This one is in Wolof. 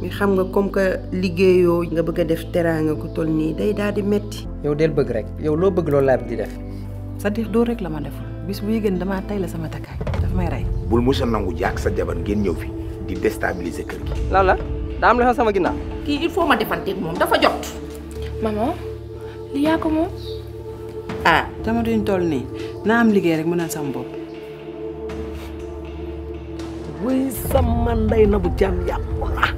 mais xam nga comme que liggéeyoo nga bëgg a def teraanga ko toll nii day daal di metti yow del bëgg rek yow loo bëgg loolu laa di def sa à dire doo rek la ma deful bis buy gën damaa tay la sama takkaay daf may rey bul mos a nangu jaak sa jabar ngeen ñëw fi di déstabiliser kër gi lan la daa am la sama ginnaaw kii il faut ma defal defanteeg moom dafa jot maman li yaa moom ah dama duñ toll nii naa am liggéey rek mënal sama bopp wuy sama ndey na bu jàmm yàqu la